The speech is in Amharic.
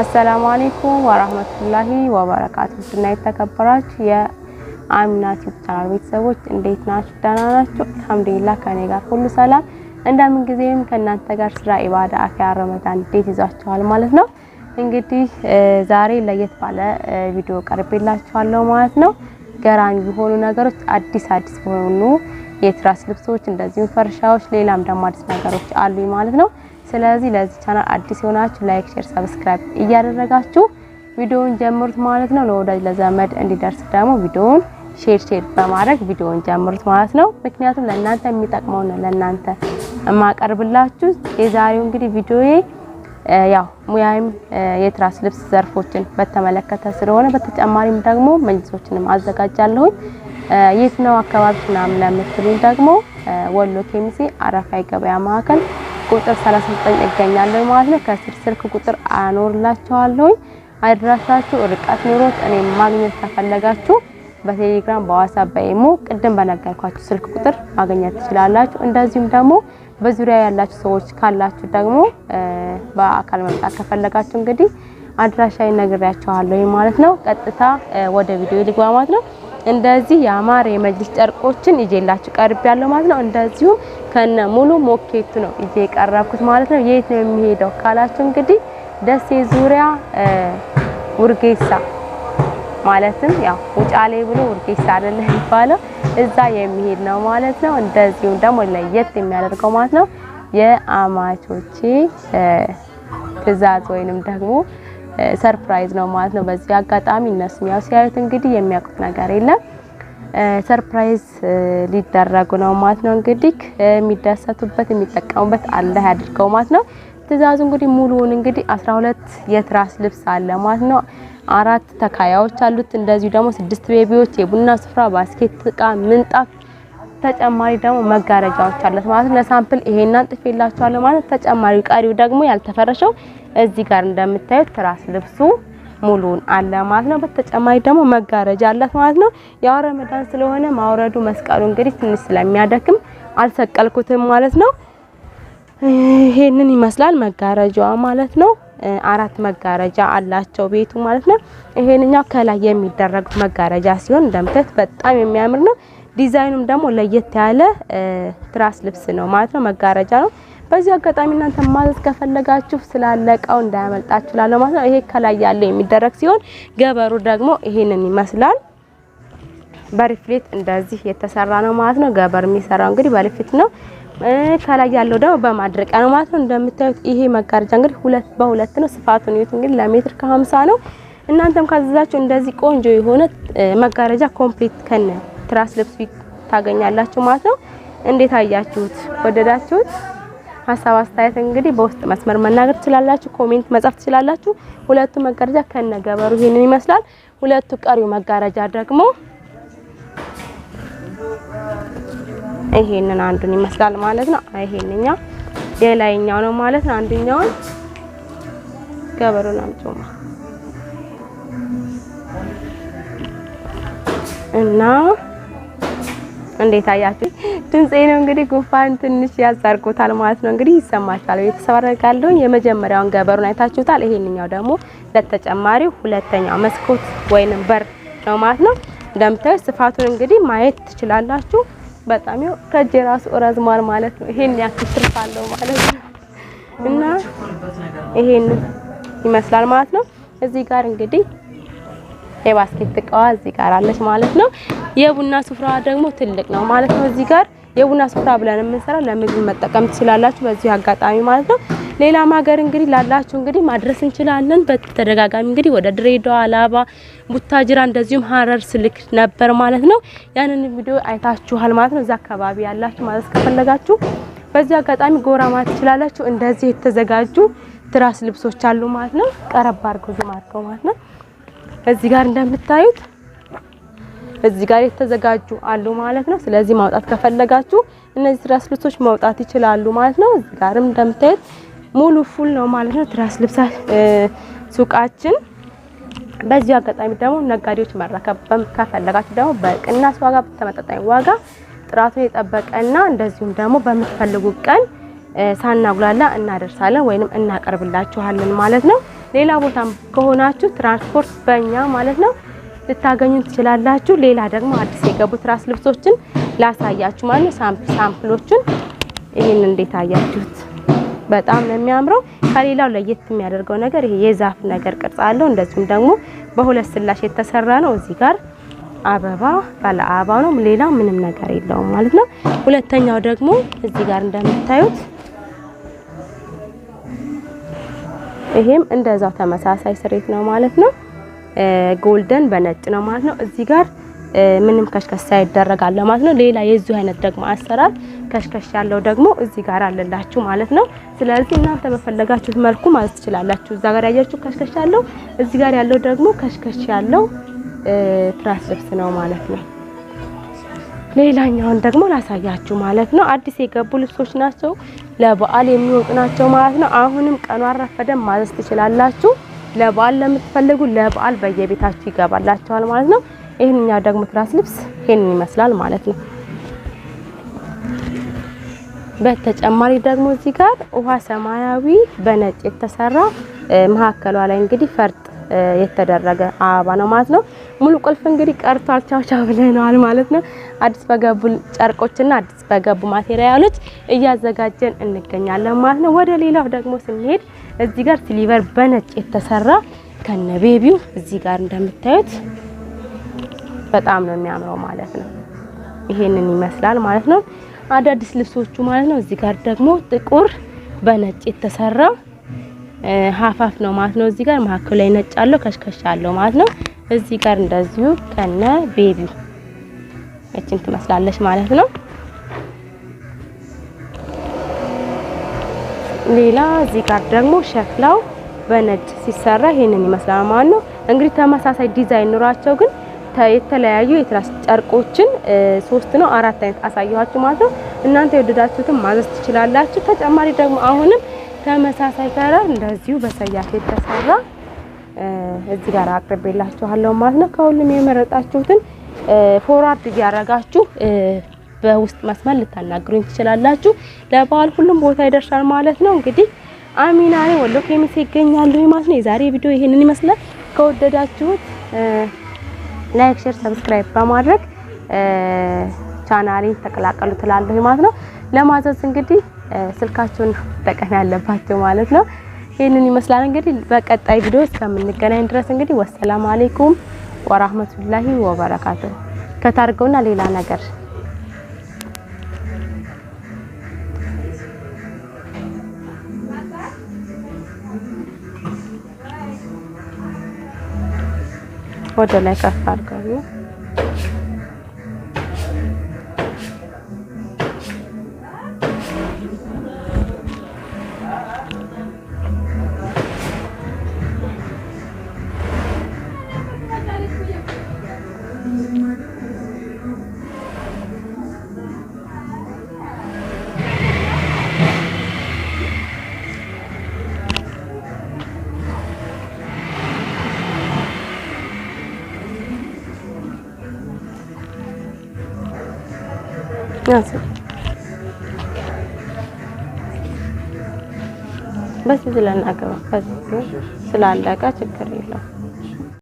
አሰላሙ አሌይኩም ወራህመቱላሂ ወበረካቱ። እና የተከበራችሁ የአሚናት ቻናል ቤተሰቦች እንዴት ናችሁ? ደህና ናችሁ? አልሐምዱሊላህ ከኔ ጋር ሁሉ ሰላም፣ እንደምን ጊዜም ከእናንተ ጋር ስራ፣ ኢባዳ፣ አኪያ፣ ረመዳን እንዴት ይዟችኋል ማለት ነው። እንግዲህ ዛሬ ለየት ባለ ቪዲዮ ቀርቤላችኋለሁ ማለት ነው። ገራሚ የሆኑ ነገሮች አዲስ አዲስ የሆኑ የትራስ ልብሶች እንደዚሁም ፈርሻዎች፣ ሌላም ደግሞ አዲስ ነገሮች አሉኝ ማለት ነው። ስለዚህ ለዚህ ቻናል አዲስ የሆናችሁ ላይክ፣ ሼር፣ ሰብስክራይብ እያደረጋችሁ ቪዲዮውን ጀምሩት ማለት ነው። ለወዳጅ ለዘመድ እንዲደርስ ደግሞ ቪዲዮውን ሼር ሼር በማድረግ ቪዲዮውን ጀምሩት ማለት ነው። ምክንያቱም ለእናንተ የሚጠቅመው ነው ለእናንተ የማቀርብላችሁ። የዛሬው እንግዲህ ቪዲዮዬ ያው ሙያም የትራስ ልብስ ዘርፎችን በተመለከተ ስለሆነ በተጨማሪም ደግሞ መጅሊሶችንም አዘጋጃለሁኝ። የት ነው አካባቢ ምናምን ለምትሉኝ ደግሞ ወሎ ኬሚሴ አረፋይ ገበያ ማዕከል ቁጥር 39 እገኛለሁ ማለት ነው። ከስር ስልክ ቁጥር አኖርላችኋለሁ። አድራሻችሁ ርቀት ኑሮት እኔ ማግኘት ከፈለጋችሁ በቴሌግራም በዋትስአፕ በኢሞ ቅድም በነገርኳችሁ ስልክ ቁጥር ማግኘት ትችላላችሁ። እንደዚሁም ደግሞ በዙሪያ ያላችሁ ሰዎች ካላችሁ ደግሞ በአካል መምጣት ከፈለጋችሁ እንግዲህ አድራሻዬን ነግሬያችኋለሁ ማለት ነው። ቀጥታ ወደ ቪዲዮ ልግባ ማለት ነው። እንደዚህ ያማረ የመጅልስ ጨርቆችን ይዤላችሁ ቀርብ ያለው ማለት ነው። እንደዚሁም ከነ ሙሉ ሞኬቱ ነው ይዤ የቀረብኩት ማለት ነው። የት ነው የሚሄደው ካላችሁ እንግዲህ ደሴ ዙሪያ ውርጌሳ ማለትም ያው ውጫሌ ብሎ ውርጌሳ አይደለ የሚባለው እዛ የሚሄድ ነው ማለት ነው። እንደዚሁም ደግሞ ለየት የሚያደርገው ማለት ነው የአማቾቼ ትዕዛዝ ወይንም ደግሞ ሰርፕራይዝ ነው ማለት ነው። በዚህ አጋጣሚ እነሱ ያው ሲያዩት እንግዲህ የሚያውቁት ነገር የለም ሰርፕራይዝ ሊደረጉ ነው ማለት ነው። እንግዲህ የሚደሰቱበት የሚጠቀሙበት አላህ ያድርገው ማለት ነው። ትእዛዙ እንግዲህ ሙሉውን እንግዲህ 12 የትራስ ልብስ አለ ማለት ነው። አራት ተካያዎች አሉት። እንደዚሁ ደግሞ ስድስት ቤቢዎች፣ የቡና ስፍራ፣ ባስኬት እቃ፣ ምንጣፍ ተጨማሪ ደግሞ መጋረጃዎች አለት ማለት ነው። ለሳምፕል ይሄን አንጥፌላችኋለሁ ማለት ተጨማሪ ቀሪው ደግሞ ያልተፈረሸው እዚህ ጋር እንደምታዩት ትራስ ልብሱ ሙሉን አለ ማለት ነው። በተጨማሪ ደግሞ መጋረጃ አላት ማለት ነው። ያው ረመዳን ስለሆነ ማውረዱ መስቀሉ እንግዲህ ትንሽ ስለሚያደክም አልሰቀልኩትም ማለት ነው። ይሄንን ይመስላል መጋረጃዋ ማለት ነው። አራት መጋረጃ አላቸው ቤቱ ማለት ነው። ይሄንኛው ከላይ የሚደረጉት መጋረጃ ሲሆን እንደምታዩት በጣም የሚያምር ነው። ዲዛይኑም ደግሞ ለየት ያለ ትራስ ልብስ ነው ማለት ነው፣ መጋረጃ ነው። በዚህ አጋጣሚ እናንተ ማዘዝ ከፈለጋችሁ ስላለቀው እንዳያመልጣችሁ ላለው ማለት ነው። ይሄ ከላይ ያለው የሚደረግ ሲሆን ገበሩ ደግሞ ይሄንን ይመስላል። በሪፍሌት እንደዚህ የተሰራ ነው ማለት ነው። ገበር የሚሰራው እንግዲህ በሪፍሌት ነው። ከላይ ያለው ደግሞ በማድረቂያ ነው ማለት ነው። እንደምታዩት ይሄ መጋረጃ እንግዲህ ሁለት በሁለት ነው። ስፋቱን ይዩት እንግዲህ ለሜትር ከ50 ነው። እናንተም ካዘዛችሁ እንደዚህ ቆንጆ የሆነ መጋረጃ ኮምፕሊት ከነ ትራስ ልብስ ታገኛላችሁ ማለት ነው። እንዴት አያችሁት? ወደዳችሁት? ሀሳብ አስተያየት እንግዲህ በውስጥ መስመር መናገር ትችላላችሁ፣ ኮሜንት መጻፍ ትችላላችሁ። ሁለቱ መጋረጃ ከነገበሩ ይሄንን ይመስላል። ሁለቱ ቀሪው መጋረጃ ደግሞ ይሄንን አንዱን ይመስላል ማለት ነው። ይሄንኛ የላይኛው ነው ማለት ነው። አንደኛውን ገበሩን አምጪውማ እና እንዴት አያችሁ? ድምጼ ነው እንግዲህ ጉንፋን ትንሽ ያዛርጎታል ማለት ነው። እንግዲህ ይሰማችኋል። ቤተሰብ የመጀመሪያውን ገበሩን አይታችሁታል። ይሄንኛው ደግሞ ለተጨማሪ ሁለተኛው መስኮት ወይንም በር ነው ማለት ነው። እንደምታዩ ስፋቱን እንግዲህ ማየት ትችላላችሁ። በጣም ይኸው ከእጄ ራሱ ረዝሟል ማለት ነው። ይሄን ያክል ትርፍ አለው ማለት ነው እና ይሄን ይመስላል ማለት ነው። እዚህ ጋር እንግዲህ የባስኬት እቃዋ እዚህ ጋር አለች ማለት ነው። የቡና ስፍራዋ ደግሞ ትልቅ ነው ማለት ነው። እዚህ ጋር የቡና ስፍራ ብለን የምንሰራው ለምግብ መጠቀም ትችላላችሁ በዚህ አጋጣሚ ማለት ነው። ሌላም ሀገር እንግዲህ ላላችሁ እንግዲህ ማድረስ እንችላለን። በተደጋጋሚ እንግዲህ ወደ ድሬዳዋ፣ አላባ፣ ቡታጅራ እንደዚሁም ሀረር ስልክ ነበር ማለት ነው። ያንን ቪዲዮ አይታችኋል ማለት ነው። እዛ አካባቢ ያላችሁ ማለት ከፈለጋችሁ በዚህ አጋጣሚ ጎራ ማለት ትችላላችሁ። እንደዚህ የተዘጋጁ ትራስ ልብሶች አሉ ማለት ነው። ቀረብ አድርገው ማለት ነው። እዚህ ጋር እንደምታዩት እዚህ ጋር የተዘጋጁ አሉ ማለት ነው። ስለዚህ ማውጣት ከፈለጋችሁ እነዚህ ትራስ ልብሶች ማውጣት ይችላሉ ማለት ነው። እዚህ ጋርም እንደምታዩት ሙሉ ፉል ነው ማለት ነው ትራስ ልብሳ ሱቃችን። በዚሁ አጋጣሚ ደግሞ ነጋዴዎች መረከብ ከፈለጋችሁ ደግሞ በቅናሽ ዋጋ፣ በተመጣጣኝ ዋጋ ጥራቱን የጠበቀና እንደዚሁም ደግሞ በምትፈልጉ ቀን ሳናጉላላ እናደርሳለን ወይንም እናቀርብላችኋለን ማለት ነው። ሌላ ቦታም ከሆናችሁ ትራንስፖርት በእኛ ማለት ነው ልታገኙ ትችላላችሁ። ሌላ ደግሞ አዲስ የገቡ ትራስ ልብሶችን ላሳያችሁ ማለት ነው። ሳምፕሎችን። ሳምፕሎቹን ይህን እንዴት አያችሁት? በጣም ነው የሚያምረው። ከሌላው ለየት የሚያደርገው ነገር ይሄ የዛፍ ነገር ቅርጽ አለው። እንደዚሁም ደግሞ በሁለት ስላሽ የተሰራ ነው። እዚህ ጋር አበባ ባለ አበባ ነው። ሌላ ምንም ነገር የለውም ማለት ነው። ሁለተኛው ደግሞ እዚህ ጋር እንደምታዩት ይሄም እንደዛው ተመሳሳይ ስሬት ነው ማለት ነው። ጎልደን በነጭ ነው ማለት ነው። እዚህ ጋር ምንም ከሽከሽ ሳይደረጋል ማለት ነው። ሌላ የዚሁ አይነት ደግሞ አሰራር ከሽከሽ ያለው ደግሞ እዚህ ጋር አለላችሁ ማለት ነው። ስለዚህ እናንተ በፈለጋችሁት መልኩ ማለት ትችላላችሁ። እዛ ጋር ያያችሁ ከሽከሽ ያለው፣ እዚህ ጋር ያለው ደግሞ ከሽከሽ ያለው ትራስ ልብስ ነው ማለት ነው። ሌላኛውን ደግሞ ላሳያችሁ ማለት ነው። አዲስ የገቡ ልብሶች ናቸው። ለበዓል የሚወጡ ናቸው ማለት ነው። አሁንም ቀኑ አረፈደም ማዘዝ ትችላላችሁ። ለበዓል ለምትፈልጉ ለበዓል በየቤታችሁ ይገባላችኋል ማለት ነው። ይህንኛው ደግሞ ትራስ ልብስ ይህንን ይመስላል ማለት ነው። በተጨማሪ ደግሞ እዚህ ጋር ውሃ ሰማያዊ በነጭ የተሰራ መሀከሏ ላይ እንግዲህ ፈርጥ የተደረገ አበባ ነው ማለት ነው። ሙሉ ቁልፍ እንግዲህ ቀርቷል። ቻው ቻው ብለናል ማለት ነው። አዲስ በገቡ ጨርቆችና አዲስ በገቡ ማቴሪያሎች እያዘጋጀን እንገኛለን ማለት ነው። ወደ ሌላው ደግሞ ስንሄድ እዚህ ጋር ሲሊቨር በነጭ የተሰራ ከነ ቤቢው እዚህ ጋር እንደምታዩት በጣም ነው የሚያምረው ማለት ነው። ይሄንን ይመስላል ማለት ነው። አዳዲስ ልብሶቹ ማለት ነው። እዚህ ጋር ደግሞ ጥቁር በነጭ የተሰራ ሀፋፍ ነው ማለት ነው። እዚህ ጋር መሀከሉ ላይ ነጭ አለው ከሽከሻ አለው ማለት ነው። እዚህ ጋር እንደዚሁ ከነ ቤቢው እችን ትመስላለች ማለት ነው። ሌላ እዚህ ጋር ደግሞ ሸክላው በነጭ ሲሰራ ይሄንን ይመስላል ማለት ነው። እንግዲህ ተመሳሳይ ዲዛይን ኑሯቸው ግን የተለያዩ የትራስ ጨርቆችን ሶስት ነው አራት አይነት አሳየኋችሁ ማለት ነው። እናንተ የወደዳችሁትን ማዘዝ ትችላላችሁ። ተጨማሪ ደግሞ አሁንም ተመሳሳይ ከረር እንደዚሁ በሰያፍ የተሰራ እዚህ ጋር አቅርቤላችኋለሁ ማለት ነው። ከሁሉም የመረጣችሁትን ፎርዋርድ እያረጋችሁ በውስጥ መስመር ልታናግሩኝ ትችላላችሁ። ለበዓል ሁሉም ቦታ ይደርሳል ማለት ነው። እንግዲህ አሚና ነኝ ወሎ ኬሚሴ ይገኛሉ ማለት ነው። የዛሬ ቪዲዮ ይሄንን ይመስላል። ከወደዳችሁት ላይክ፣ ሼር፣ ሰብስክራይብ በማድረግ ቻናሌን ተቀላቀሉ ትላለሁ ማለት ነው። ለማዘዝ እንግዲህ ስልካችሁን መጠቀም ያለባችሁ ማለት ነው። ይህንን ይመስላል እንግዲህ በቀጣይ ቪዲዮ እስከምንገናኝ ድረስ እንግዲህ ወሰላም አሌይኩም ወራህመቱላሂ ወበረካቱ ከታርገውና ሌላ ነገር ወደ ላይ ከፍ አድርገው ያዝ። በዚህ ስለናገባ በዚህ ስላለቀ ችግር የለውም።